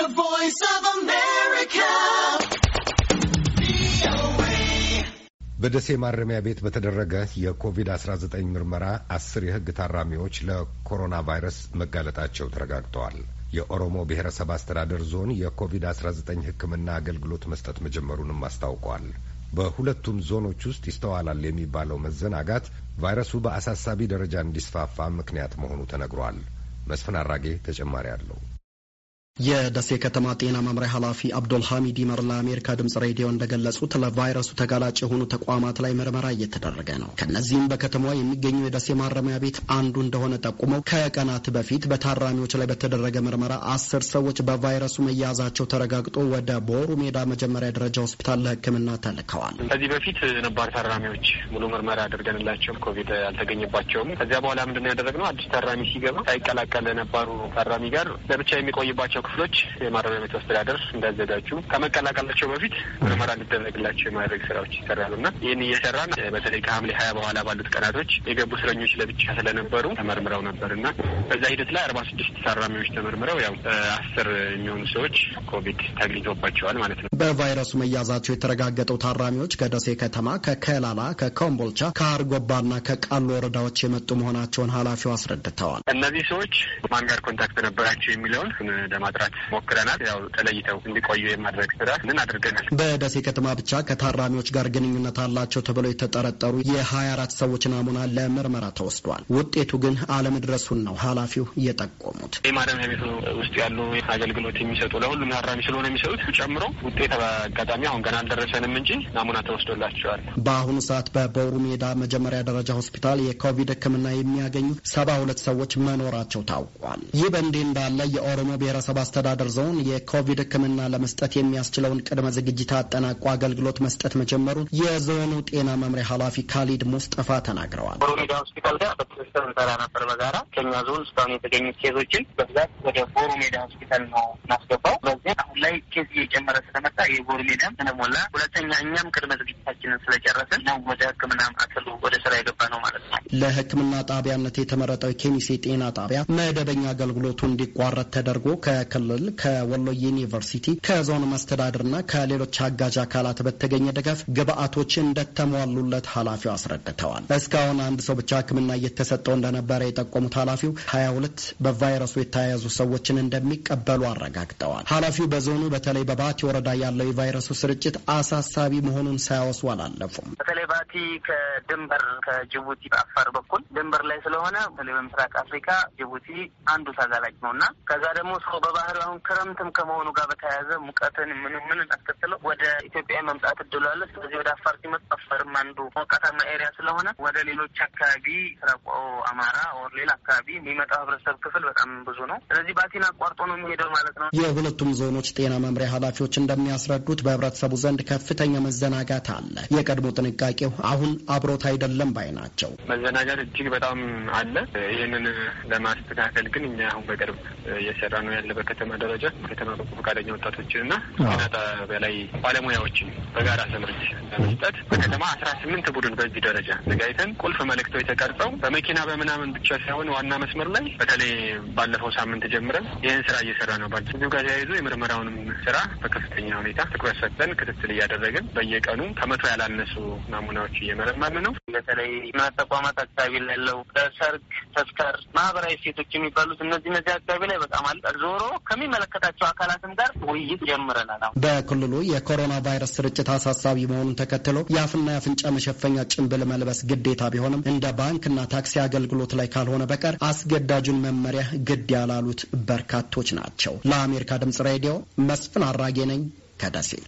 The Voice of America. በደሴ ማረሚያ ቤት በተደረገ የኮቪድ-19 ምርመራ አስር የሕግ ታራሚዎች ለኮሮና ቫይረስ መጋለጣቸው ተረጋግጠዋል። የኦሮሞ ብሔረሰብ አስተዳደር ዞን የኮቪድ-19 ሕክምና አገልግሎት መስጠት መጀመሩንም አስታውቋል። በሁለቱም ዞኖች ውስጥ ይስተዋላል የሚባለው መዘናጋት ቫይረሱ በአሳሳቢ ደረጃ እንዲስፋፋ ምክንያት መሆኑ ተነግሯል። መስፍን አራጌ ተጨማሪ አለው። የደሴ ከተማ ጤና መምሪያ ኃላፊ አብዶልሐሚድ ይመር ለአሜሪካ ድምጽ ሬዲዮ እንደገለጹት ለቫይረሱ ተጋላጭ የሆኑ ተቋማት ላይ ምርመራ እየተደረገ ነው። ከነዚህም በከተማዋ የሚገኘው የደሴ ማረሚያ ቤት አንዱ እንደሆነ ጠቁመው ከቀናት በፊት በታራሚዎች ላይ በተደረገ ምርመራ አስር ሰዎች በቫይረሱ መያዛቸው ተረጋግጦ ወደ ቦሩ ሜዳ መጀመሪያ ደረጃ ሆስፒታል ለሕክምና ተልከዋል። ከዚህ በፊት ነባር ታራሚዎች ሙሉ ምርመራ አድርገንላቸው ኮቪድ አልተገኘባቸውም። ከዚያ በኋላ ምንድነው ያደረግነው አዲስ ታራሚ ሲገባ ሳይቀላቀል ነባሩ ታራሚ ጋር ለብቻ የሚቆይባቸው ክፍሎች የማረሚያ ቤት አስተዳደር እንዳዘጋጁ ከመቀላቀላቸው በፊት ምርመራ እንዲደረግላቸው የማድረግ ስራዎች ይሰራሉ እና ይህን እየሰራን በተለይ ከሐምሌ ሀያ በኋላ ባሉት ቀናቶች የገቡ እስረኞች ለብቻ ስለነበሩ ተመርምረው ነበር እና በዛ ሂደት ላይ አርባ ስድስት ታራሚዎች ተመርምረው ያው አስር የሚሆኑ ሰዎች ኮቪድ ተግኝቶባቸዋል ማለት ነው። በቫይረሱ መያዛቸው የተረጋገጠው ታራሚዎች ከደሴ ከተማ፣ ከከላላ፣ ከኮምቦልቻ፣ ከአርጎባና ከቃሉ ወረዳዎች የመጡ መሆናቸውን ኃላፊው አስረድተዋል። እነዚህ ሰዎች ማን ጋር ኮንታክት ነበራቸው የሚለውን ለማጣ ለመስራት ሞክረናል። ያው ተለይተው እንዲቆዩ የማድረግ ስራ ምን አድርገናል። በደሴ ከተማ ብቻ ከታራሚዎች ጋር ግንኙነት አላቸው ተብለው የተጠረጠሩ የሀያ አራት ሰዎች ናሙና ለምርመራ ተወስዷል። ውጤቱ ግን አለመድረሱን ነው ኃላፊው የጠቆሙት። የማረሚያ ቤቱ ውስጥ ያሉ አገልግሎት የሚሰጡ ለሁሉም ታራሚ ስለሆነ የሚሰጡት ጨምሮ ውጤት በአጋጣሚ አሁን ገና አልደረሰንም እንጂ ናሙና ተወስዶላቸዋል። በአሁኑ ሰዓት በቦሩ ሜዳ መጀመሪያ ደረጃ ሆስፒታል የኮቪድ ሕክምና የሚያገኙ ሰባ ሁለት ሰዎች መኖራቸው ታውቋል። ይህ በእንዲህ እንዳለ የኦሮሞ ብሔረሰብ ምዕራብ አስተዳደር ዞን የኮቪድ ሕክምና ለመስጠት የሚያስችለውን ቅድመ ዝግጅት አጠናቆ አገልግሎት መስጠት መጀመሩን የዞኑ ጤና መምሪያ ኃላፊ ካሊድ ሙስጠፋ ተናግረዋል። ሆስፒታል ጋር በትስስር እንሰራ ነበር በጋራ ሶስተኛ ዞን እስካሁን የተገኙት ኬዞችን በብዛት ወደ ቦሩ ሜዳ ሆስፒታል ነው ማስገባው። በዚህ አሁን ላይ ኬዝ እየጨመረ ስለመጣ የቦሩ ሜዳም ስለሞላ፣ ሁለተኛ እኛም ቅድመ ዝግጅታችንን ስለጨረስን ነው ወደ ሕክምና ማዕከሉ ወደ ስራ የገባ ነው ማለት ነው። ለሕክምና ጣቢያነት የተመረጠው ኬሚሴ ጤና ጣቢያ መደበኛ አገልግሎቱ እንዲቋረጥ ተደርጎ ከክልል ከወሎ ዩኒቨርሲቲ ከዞን መስተዳድርና ከሌሎች አጋዥ አካላት በተገኘ ድጋፍ ግብአቶች እንደተሟሉለት ኃላፊው አስረድተዋል። እስካሁን አንድ ሰው ብቻ ህክምና እየተሰጠው እንደነበረ የጠቆሙት ኃላፊው ሀያ ሁለት በቫይረሱ የተያያዙ ሰዎችን እንደሚቀበሉ አረጋግጠዋል። ኃላፊው በዞኑ በተለይ በባቲ ወረዳ ያለው የቫይረሱ ስርጭት አሳሳቢ መሆኑን ሳያወሱ አላለፉም። በተለይ ባቲ ከድንበር ከጅቡቲ በአፋር በኩል ድንበር ላይ ስለሆነ በተለይ በምስራቅ አፍሪካ ጅቡቲ አንዱ ተጋላጭ ነው እና ከዛ ደግሞ ሰው በባህር አሁን ክረምትም ከመሆኑ ጋር በተያያዘ ሙቀትን ምን ምንን አስከትለው ወደ ኢትዮጵያ መምጣት እድሉ አለ። ስለዚህ ወደ አፋር ሲመጡ አፋርም አንዱ ሞቃታማ ኤሪያ ስለሆነ ወደ ሌሎች አካባቢ ስራቆ አማራ ወር ሌላ አካባቢ የሚመጣው ህብረተሰብ ክፍል በጣም ብዙ ነው። ስለዚህ ባቲን አቋርጦ ነው የሚሄደው ማለት ነው። የሁለቱም ዞኖች ጤና መምሪያ ኃላፊዎች እንደሚያስረዱት በህብረተሰቡ ዘንድ ከፍተኛ መዘናጋት አለ። የቀድሞ ጥንቃቄው አሁን አብሮት አይደለም ባይ ናቸው። መዘናጋት እጅግ በጣም አለ። ይህንን ለማስተካከል ግን እኛ አሁን በቅርብ እየሰራ ነው ያለ በከተማ ደረጃ ከተማ በቁ ፈቃደኛ ወጣቶችንና ጤና ጣቢያ ላይ ባለሙያዎችን በጋራ ትምህርት ለመስጠት በከተማ አስራ ስምንት ቡድን በዚህ ደረጃ ዘጋጅተን ቁልፍ መልእክቶች ተቀርጸው በመኪና በምናምን ብቻ ሳይሆን ዋና መስመር ላይ በተለይ ባለፈው ሳምንት ጀምረን ይህን ስራ እየሰራ ነው። ባለ ጋር ተያይዞ የምርመራውንም ስራ በከፍተኛ ሁኔታ ትኩረት ሰጥተን ክትትል እያደረግን በየቀኑ ከመቶ ያላነሱ ናሙናዎች እየመረመርን ነው። በተለይ እምነት ተቋማት አካባቢ ያለው ለሰርግ ተስከር ማህበራዊ ሴቶች የሚባሉት እነዚህ እነዚህ አካባቢ ላይ በጣም አለ። ዞሮ ከሚመለከታቸው አካላትም ጋር ውይይት ጀምረናል። በክልሉ የኮሮና ቫይረስ ስርጭት አሳሳቢ መሆኑን ተከትሎ የአፍና የአፍንጫ መሸፈኛ ጭንብል መልበስ ግዴታ ቢሆንም እንደ ባንክና ታክሲ አገልግሎት ላይ ካልሆነ በቀር አስገዳጁን መመሪያ ግድ ያላሉት በርካቶች ናቸው። ለአሜሪካ ድምጽ ሬዲዮ መስፍን አራጌ ነኝ ከደሴ